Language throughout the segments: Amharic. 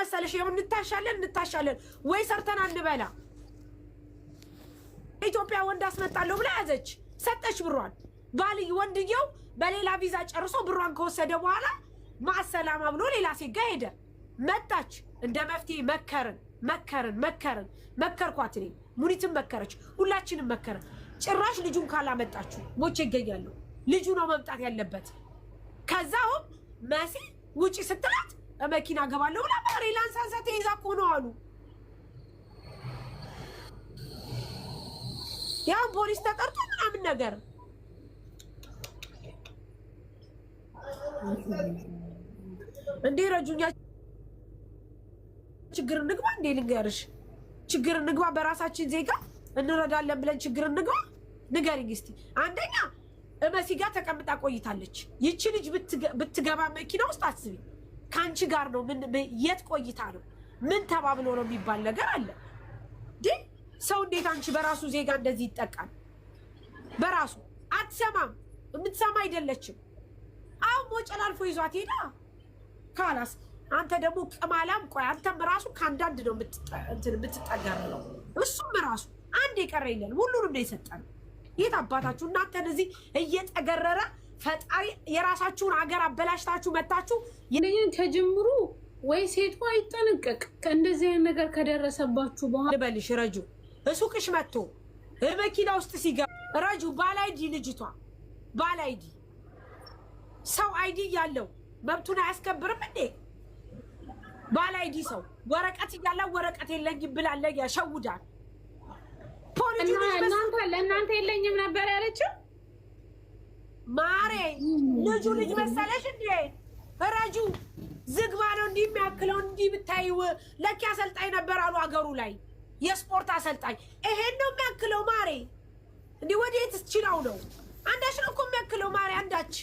መሰለሽ ይኸው እንታሻለን እንታሻለን ወይ ሰርተን አንበላ ኢትዮጵያ ወንድ አስመጣለሁ ብላ ያዘች ሰጠች ብሯን ባልይ ወንድየው በሌላ ቪዛ ጨርሶ ብሯን ከወሰደ በኋላ ማሰላማ ብሎ ሌላ ሴት ሄደ መጣች እንደ መፍትሄ መከርን መከርን መከርን መከርኳት እኔ ሙኒትን መከረች ሁላችንም መከረን። ጭራሽ ልጁን ካላመጣችሁ ሞቼ ይገኛለሁ ልጁ ነው መምጣት ያለበት ከዛውም መሲ ውጪ ስትላት መኪና ገባለሁ ብላ ፍሪላንስ ተይዛ እኮ ነው አሉ። ያው ፖሊስ ተጠርቶ ምናምን ነገር እንዴ ረጁኛ ችግር እንግባ እንዴ ልንገርሽ፣ ችግር እንግባ በራሳችን ዜጋ እንረዳለን ብለን ችግር እንግባ ንገሪኝ እስኪ። አንደኛ እመሲ ጋር ተቀምጣ ቆይታለች። ይቺ ልጅ ብትገባ መኪና ውስጥ አስቢ። ከአንቺ ጋር ነው። የት ቆይታ ነው? ምን ተባብሎ ነው የሚባል ነገር አለ። ግን ሰው እንዴት አንቺ በራሱ ዜጋ እንደዚህ ይጠቃል? በራሱ አትሰማም። የምትሰማ አይደለችም። አሁን ሞጨን አልፎ ይዟት ሄዳ ካላስ አንተ ደግሞ ቅማላም፣ ቆይ አንተም ራሱ ከአንዳንድ ነው የምትጠገር ነው። እሱም ራሱ አንድ የቀረ የለን፣ ሁሉንም ነው የሰጠን። የት አባታችሁ እናንተን እዚህ እየጠገረረ ፈጣሪ የራሳችሁን ሀገር አበላሽታችሁ መታችሁ ይህን ተጀምሩ ወይ ሴቷ አይጠነቀቅ ከእንደዚህ አይነት ነገር ከደረሰባችሁ በኋላ ልበልሽ ረጁ እሱቅሽ መጥቶ መኪና ውስጥ ሲገባ ረጁ ባል አይዲ ልጅቷ ባል አይዲ ሰው አይዲ ያለው መብቱን አያስከብርም እንዴ ባል አይዲ ሰው ወረቀት እያለ ወረቀት የለኝ ብላለ ያሸውዳል እናንተ ለእናንተ የለኝም ነበር ያለችው ማሬ ልጁ ልጅ መሰለሽ እንዴ? ረጁ ዝግባ ነው እንዲህ የሚያክለው እንዲህ ብታይው ለኪ አሰልጣኝ ነበር አሉ አገሩ ላይ የስፖርት አሰልጣኝ። ይሄን ነው የሚያክለው ማሬ። እንዲህ ወዴት ችላው ነው አንዳች ነው እኮ የሚያክለው ማሬ። አንዳች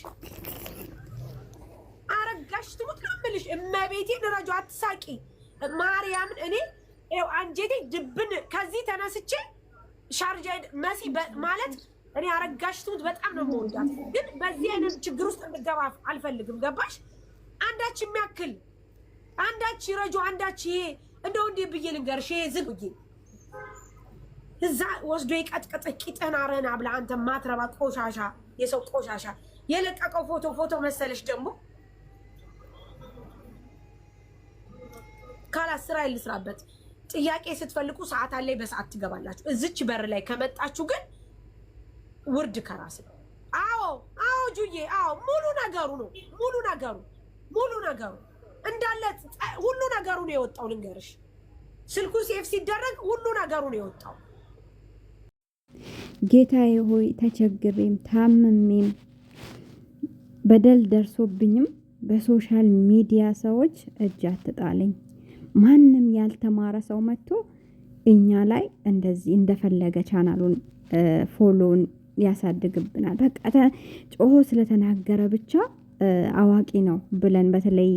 አረጋሽ ትሙት ነው የምልሽ። እመቤቴን ረጁ አትሳቂ ማርያምን። እኔ አንጀቴ ድብን ከዚህ ተነስቼ ሻርጃ መሲ ማለት እኔ አረጋሽ ትሙት በጣም ነው የምወዳት፣ ግን በዚህ አይነት ችግር ውስጥ እንድገባ አልፈልግም። ገባሽ? አንዳች የሚያክል አንዳች ረጆ አንዳች ይሄ እንደው እንዴ ብዬ ልንገርሽ፣ ይሄ ዝግ ብዬ እዛ ወስዶ የቀጥቀጥ ቂጠና ረና አብላ አንተ ማትረባ ቆሻሻ፣ የሰው ቆሻሻ የለቀቀው ፎቶ ፎቶ መሰለሽ ደግሞ ካላ ስራ ልስራበት። ጥያቄ ስትፈልጉ ሰዓት አለኝ፣ በሰዓት ትገባላችሁ። እዚች በር ላይ ከመጣችሁ ግን ውርድ ከራስ ነው። አዎ አዎ፣ ጁዬ አዎ፣ ሙሉ ነገሩ ነው። ሙሉ ነገሩ ሙሉ ነገሩ እንዳለ ሁሉ ነገሩ ነው የወጣው። ልንገርሽ፣ ስልኩ ሴፍ ሲደረግ ሁሉ ነገሩ ነው የወጣው። ጌታዬ ሆይ ተቸግሬም ታምሜም በደል ደርሶብኝም በሶሻል ሚዲያ ሰዎች እጅ አትጣለኝ። ማንም ያልተማረ ሰው መጥቶ እኛ ላይ እንደዚህ እንደፈለገ ቻናሉን ፎሎውን ያሳድግብናል። በቃ ጮሆ ስለተናገረ ብቻ አዋቂ ነው ብለን በተለይ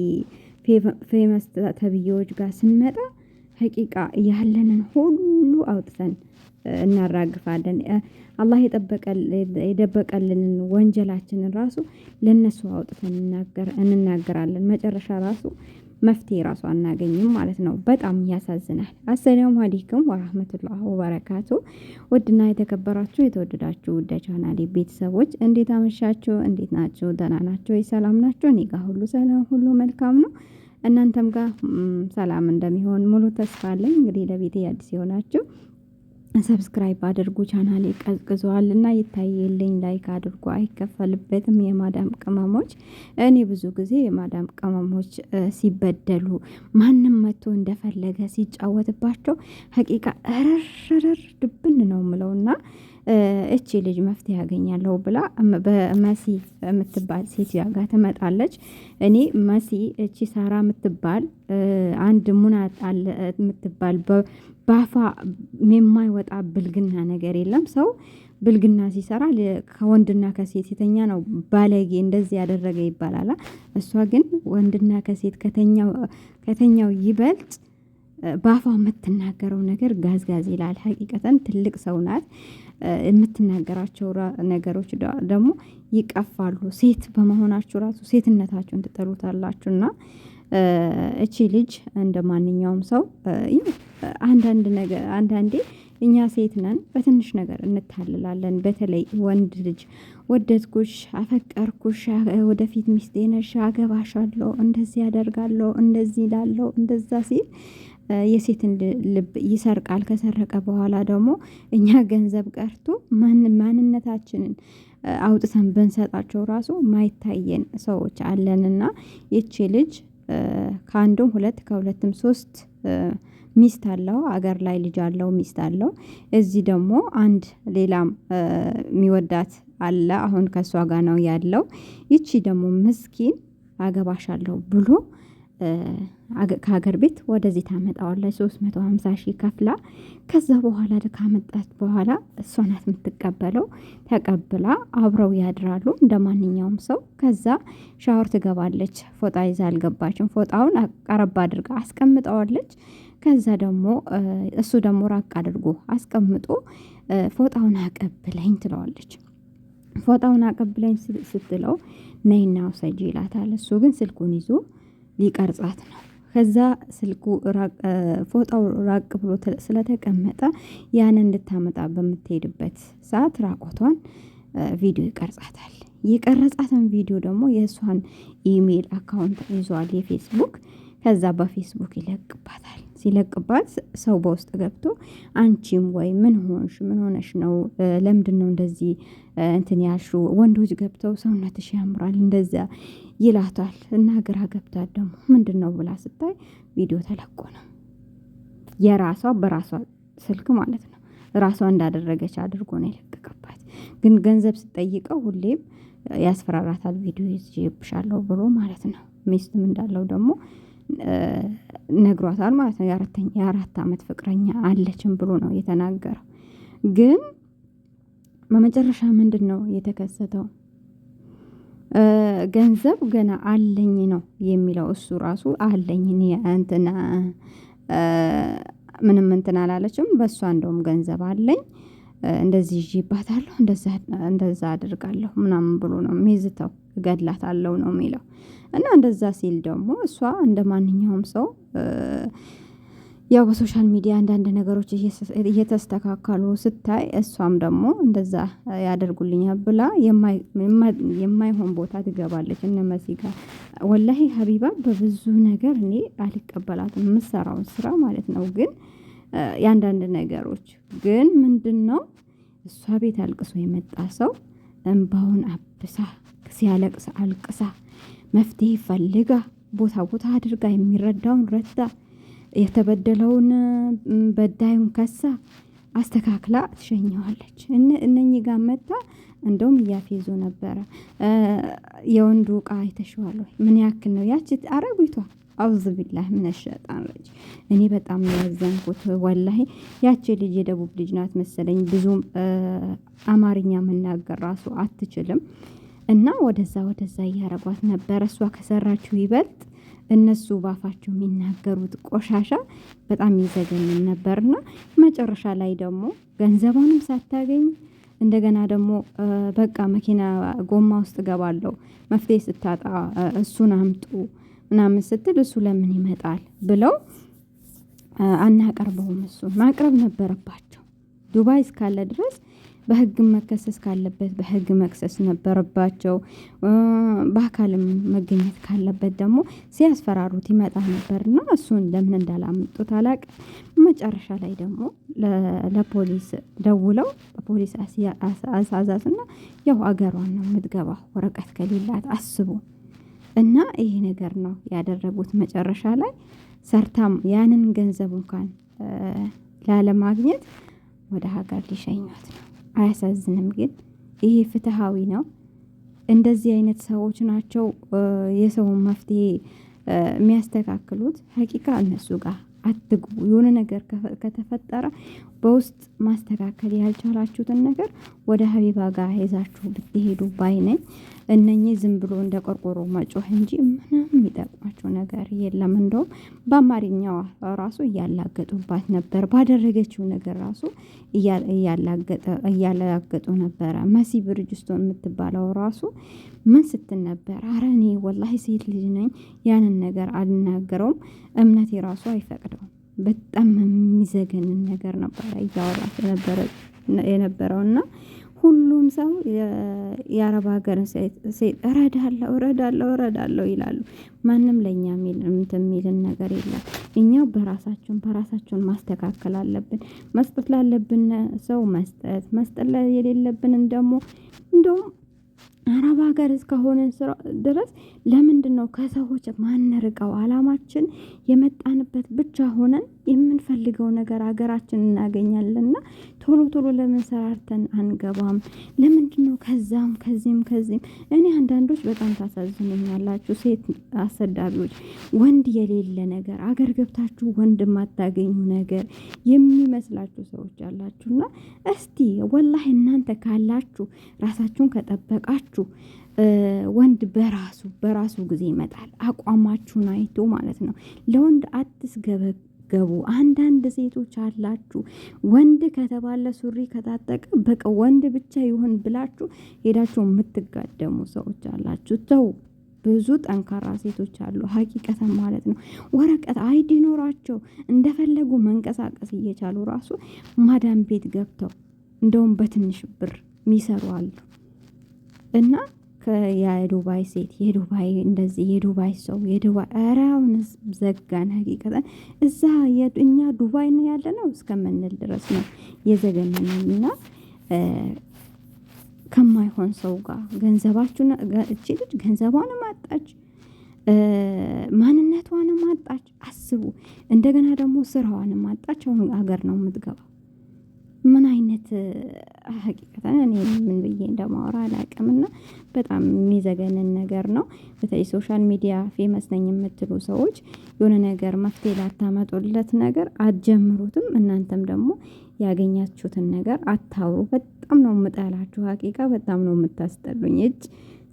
ፌመስ ተብዬዎች ጋር ስንመጣ ሀቂቃ ያለንን ሁሉ አውጥተን እናራግፋለን። አላህ የደበቀልንን ወንጀላችንን ራሱ ለነሱ አውጥተን እንናገራለን። መጨረሻ ራሱ መፍትሄ ራሱ አናገኝም ማለት ነው። በጣም ያሳዝናል። አሰላሙ አሌይኩም ወራህመቱላህ ወበረካቱ። ውድና የተከበራችሁ የተወደዳችሁ ውድ ቻናሌ ቤተሰቦች እንዴት አመሻችሁ? እንዴት ናችሁ? ደህና ናችሁ? ሰላም ናችሁ? እኔ ጋር ሁሉ ሰላም፣ ሁሉ መልካም ነው። እናንተም ጋር ሰላም እንደሚሆን ሙሉ ተስፋ አለኝ። እንግዲህ ለቤቴ አዲስ የሆናችሁ ሰብስክራይብ አድርጉ። ቻናሌ ቀዝቅዟል እና ይታየልኝ። ላይክ አድርጉ፣ አይከፈልበትም። የማዳም ቅመሞች እኔ ብዙ ጊዜ የማዳም ቅመሞች ሲበደሉ ማንም መቶ እንደፈለገ ሲጫወትባቸው ሀቂቃ ረርርር ድብን ነው ምለውና እቺ ልጅ መፍትሄ ያገኛለሁ ብላ በመሲ የምትባል ሴት ጋ ትመጣለች። እኔ መሲ እቺ ሳራ የምትባል አንድ ሙናት አለ የምትባል ባፋ የማይወጣ ብልግና ነገር የለም። ሰው ብልግና ሲሰራ ከወንድና ከሴት የተኛ ነው ባለጌ እንደዚህ ያደረገ ይባላል። እሷ ግን ወንድና ከሴት ከተኛው ይበልጥ ባፋ የምትናገረው ነገር ጋዝጋዝ ይላል። ሀቂቀተን ትልቅ ሰው ናት። የምትናገራቸው ነገሮች ደግሞ ይቀፋሉ። ሴት በመሆናችሁ ራሱ ሴትነታችሁን ትጠሉታላችሁ። እና እቺ ልጅ እንደ ማንኛውም ሰው አንዳንድ ነገር አንዳንዴ እኛ ሴት ነን በትንሽ ነገር እንታልላለን። በተለይ ወንድ ልጅ ወደድኩሽ፣ አፈቀርኩሽ፣ ወደፊት ሚስቴ ነሽ፣ አገባሻለሁ፣ እንደዚህ ያደርጋለሁ፣ እንደዚህ ላለው እንደዛ ሲል የሴትን ልብ ይሰርቃል። ከሰረቀ በኋላ ደግሞ እኛ ገንዘብ ቀርቶ ማንነታችንን አውጥተን ብንሰጣቸው ራሱ ማይታየን ሰዎች አለንና ይቺ ልጅ ከአንዱም ሁለት ከሁለትም ሶስት ሚስት አለው። አገር ላይ ልጅ አለው፣ ሚስት አለው። እዚህ ደግሞ አንድ ሌላም የሚወዳት አለ። አሁን ከእሷ ጋር ነው ያለው። ይቺ ደግሞ ምስኪን አገባሻለሁ ብሎ ከሀገር ቤት ወደዚህ ታመጣዋለች። ሶስት መቶ ሀምሳ ሺህ ከፍላ ከዛ በኋላ ካመጣች በኋላ እሷ ናት የምትቀበለው። ተቀብላ አብረው ያድራሉ እንደ ማንኛውም ሰው። ከዛ ሻወር ትገባለች። ፎጣ ይዛ አልገባችም። ፎጣውን ቀረባ አድርጋ አስቀምጠዋለች። ከዛ ደግሞ እሱ ደግሞ ራቅ አድርጎ አስቀምጦ ፎጣውን አቀብለኝ ትለዋለች። ፎጣውን አቀብለኝ ስትለው ነይና ውሰጂ ይላታል። እሱ ግን ስልኩን ይዞ ሊቀርጻት ነው። ከዛ ስልኩ ፎጣው ራቅ ብሎ ስለተቀመጠ ያን እንድታመጣ በምትሄድበት ሰዓት ራቆቷን ቪዲዮ ይቀርጻታል። የቀረጻትን ቪዲዮ ደግሞ የእሷን ኢሜይል አካውንት ይዟል የፌስቡክ። ከዛ በፌስቡክ ይለቅባታል። ሲለቅባት ሰው በውስጥ ገብቶ አንቺም ወይ ምን ሆንሽ? ምን ሆነሽ ነው? ለምንድን ነው እንደዚህ እንትን ያሹ ወንዶች ገብተው ሰውነትሽ ያምራል እንደዚያ ይላቷል። እና ግራ ገብቷት ደግሞ ምንድን ነው ብላ ስታይ ቪዲዮ ተለቆ ነው የራሷ በራሷ ስልክ ማለት ነው። ራሷ እንዳደረገች አድርጎ ነው የለቀቀባት። ግን ገንዘብ ስጠይቀው ሁሌም ያስፈራራታል። ቪዲዮ ይዤብሻለሁ ብሎ ማለት ነው። ሚስትም እንዳለው ደግሞ ነግሯታል ማለት ነው። የአራት ዓመት ፍቅረኛ አለችም ብሎ ነው የተናገረው ግን በመጨረሻ ምንድን ነው የተከሰተው? ገንዘብ ገና አለኝ ነው የሚለው እሱ ራሱ አለኝ እንትና ምንም እንትን አላለችም። በእሷ እንደውም ገንዘብ አለኝ እንደዚህ ይዤ ይባታለሁ እንደዛ አድርጋለሁ ምናምን ብሎ ነው ሚዝተው እገድላታለሁ ነው የሚለው እና እንደዛ ሲል ደግሞ እሷ እንደ ማንኛውም ሰው ያው በሶሻል ሚዲያ አንዳንድ ነገሮች እየተስተካከሉ ስታይ እሷም ደግሞ እንደዛ ያደርጉልኛል ብላ የማይሆን ቦታ ትገባለች እነ መሲ ጋር። ወላሂ ሀቢባ በብዙ ነገር እኔ አልቀበላትም የምሰራውን ስራ ማለት ነው። ግን የአንዳንድ ነገሮች ግን ምንድን ነው እሷ ቤት አልቅሶ የመጣ ሰው እንባውን አብሳ ሲያለቅስ አልቅሳ መፍትሄ ፈልጋ ቦታ ቦታ አድርጋ የሚረዳውን ረዳ የተበደለውን በዳዩን ከሳ አስተካክላ ትሸኘዋለች። እነኚህ ጋር መጣ እንደውም እያፌዞ ነበረ። የወንዱ እቃ አይተሽዋል ወይ? ምን ያክል ነው ያች አረቢቷ? አውዝ ቢላህ ምን ሸጣን ልጅ። እኔ በጣም ያዘንኩት ወላሂ። ያቺ ልጅ የደቡብ ልጅ ናት መሰለኝ፣ ብዙም አማርኛ መናገር ራሱ አትችልም። እና ወደዛ ወደዛ እያረጓት ነበረ። እሷ ከሰራችው ይበልጥ እነሱ ባፋቸው የሚናገሩት ቆሻሻ በጣም ይዘገንን ነበርና መጨረሻ ላይ ደግሞ ገንዘቧንም ሳታገኝ እንደገና ደግሞ በቃ መኪና ጎማ ውስጥ ገባለው መፍትሄ ስታጣ እሱን አምጡ ምናምን ስትል እሱ ለምን ይመጣል ብለው አናቀርበውም። እሱን ማቅረብ ነበረባቸው። ዱባይ እስካለ ድረስ በህግ መከሰስ ካለበት በህግ መክሰስ ነበረባቸው። በአካልም መገኘት ካለበት ደግሞ ሲያስፈራሩት ይመጣ ነበርና እሱን ለምን እንዳላመጡት አላቅም። መጨረሻ ላይ ደግሞ ለፖሊስ ደውለው በፖሊስ አሳዛትና ያው አገሯን ነው የምትገባው ወረቀት ከሌላት አስቡ። እና ይሄ ነገር ነው ያደረጉት መጨረሻ ላይ ሰርታም ያንን ገንዘብ እንኳን ላለማግኘት ወደ ሀገር ሊሸኛት ነው አያሳዝንም? ግን ይሄ ፍትሃዊ ነው? እንደዚህ አይነት ሰዎች ናቸው የሰውን መፍትሄ የሚያስተካክሉት። ሀቂቃ እነሱ ጋር አትግቡ። የሆነ ነገር ከተፈጠረ በውስጥ ማስተካከል ያልቻላችሁትን ነገር ወደ ሀቢባ ጋር ይዛችሁ ብትሄዱ ባይነኝ እነኚህ ዝም ብሎ እንደ ቆርቆሮ መጮህ እንጂ ምንም የሚጠቅማቸው ነገር የለም። እንደውም በአማርኛዋ ራሱ እያላገጡባት ነበር። ባደረገችው ነገር ራሱ እያላገጡ ነበረ። መሲ ብርጅስቶን የምትባለው ራሱ ምን ስትል ነበር? አረ እኔ ወላሂ ሴት ልጅ ነኝ፣ ያንን ነገር አልናገረውም፣ እምነቴ ራሱ አይፈቅደውም በጣም የሚዘገንን ነገር ነበረ እያወራ የነበረው እና ሁሉም ሰው የአረብ ሀገር ሴት እረዳለሁ እረዳለሁ እረዳለሁ ይላሉ። ማንም ለእኛ የሚልን ነገር የለም። እኛው በራሳችን በራሳችን ማስተካከል አለብን። መስጠት ላለብን ሰው መስጠት መስጠት የሌለብንን ደግሞ እንደውም አረብ ሀገር እስከሆነን ድረስ ለምንድን ነው ከሰዎች ማንርቀው? አላማችን የመጣንበት ብቻ ሆነን የምንፈልገው ነገር ሀገራችን እናገኛለንና ቶሎ ቶሎ ለምን ሰራርተን አንገባም? ለምንድን ነው ከዛም ከዚህም ከዚህም? እኔ አንዳንዶች በጣም ታሳዝኑኛላችሁ፣ ሴት አሰዳቢዎች፣ ወንድ የሌለ ነገር አገር ገብታችሁ ወንድ የማታገኙ ነገር የሚመስላችሁ ሰዎች አላችሁና፣ እስቲ ወላህ እናንተ ካላችሁ ራሳችሁን ከጠበቃችሁ አለችው። ወንድ በራሱ በራሱ ጊዜ ይመጣል። አቋማችሁን አይቶ ማለት ነው። ለወንድ አትስገበገቡ። አንዳንድ ሴቶች አላችሁ፣ ወንድ ከተባለ ሱሪ ከታጠቀ በቃ ወንድ ብቻ ይሁን ብላችሁ ሄዳችሁ የምትጋደሙ ሰዎች አላችሁ። ተው። ብዙ ጠንካራ ሴቶች አሉ፣ ሀቂቀተን ማለት ነው። ወረቀት አይዲ እንደፈለጉ መንቀሳቀስ እየቻሉ ራሱ ማዳም ቤት ገብተው እንደውም በትንሽ ብር ሚሰሩ አሉ። እና የዱባይ ሴት የዱባይ እንደዚህ የዱባይ ሰው የዱባይ ኧረ አሁን ዘጋን። ሀቂቀተን እዛ እኛ ዱባይ ነው ያለ ነው እስከምንል ድረስ ነው የዘገነነው እና ከማይሆን ሰው ጋር ገንዘባችሁን እቺ ልጅ ገንዘቧን ማጣች፣ ማንነቷን ማጣች። አስቡ። እንደገና ደግሞ ስራዋን ማጣች። አሁን አገር ነው የምትገባው ምን አይነት ሀቂቀተን እኔ ምን ብዬ እንደማወራ አላውቅምና በጣም የሚዘገንን ነገር ነው። በተለይ ሶሻል ሚዲያ ፌመስ ነኝ የምትሉ ሰዎች የሆነ ነገር መፍትሄ ላታመጡለት ነገር አትጀምሩትም። እናንተም ደግሞ ያገኛችሁትን ነገር አታውሩ። በጣም ነው የምጠላችሁ ሀቂቃ በጣም ነው የምታስጠሉኝ። እጅ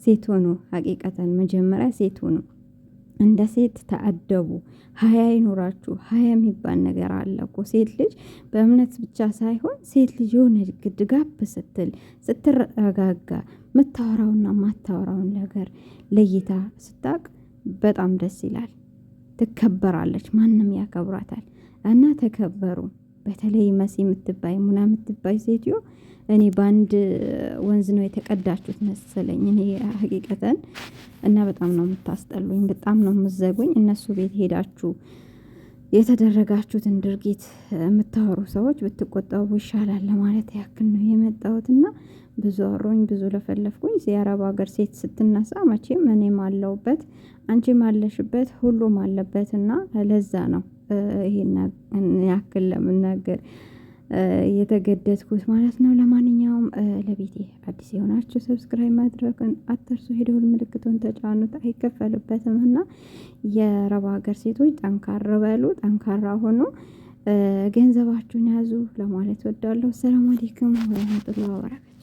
ሴት ሆኖ ሀቂቀተን መጀመሪያ ሴት ሆኖ እንደ ሴት ተአደቡ። ሀያ ይኖራችሁ። ሀያ የሚባል ነገር አለ እኮ ሴት ልጅ በእምነት ብቻ ሳይሆን ሴት ልጅ የሆነ ድጋፍ ስትል ስትረጋጋ፣ ምታወራውና ማታወራውን ነገር ለይታ ስታቅ በጣም ደስ ይላል። ትከበራለች፣ ማንም ያከብራታል። እና ተከበሩ። በተለይ መሲ የምትባይ ሙና የምትባይ ሴትዮ እኔ በአንድ ወንዝ ነው የተቀዳችሁት መሰለኝ። እኔ ሀቂቀተን እና በጣም ነው የምታስጠሉኝ፣ በጣም ነው የምዘጉኝ። እነሱ ቤት ሄዳችሁ የተደረጋችሁትን ድርጊት የምታወሩ ሰዎች ብትቆጠቡ ይሻላል ለማለት ያክል ነው የመጣሁት እና ብዙ አሮኝ ብዙ ለፈለፍኩኝ። የአረብ ሀገር ሴት ስትነሳ መቼም እኔም አለሁበት አንቺም አለሽበት ሁሉም አለበት እና ለዛ ነው ይሄን ያክል ለምናገር የተገደድኩት ማለት ነው። ለማንኛውም ለቤቴ አዲስ የሆናችሁ ሰብስክራይብ ማድረግን አትርሱ። የደወል ምልክቱን ተጫኑት፣ አይከፈልበትም እና የረባ ሀገር ሴቶች ጠንካራ በሉ፣ ጠንካራ ሆኑ፣ ገንዘባችሁን ያዙ ለማለት ወዳለሁ። ሰላም አሌይኩም ወረመቱላ ወበረካቱህ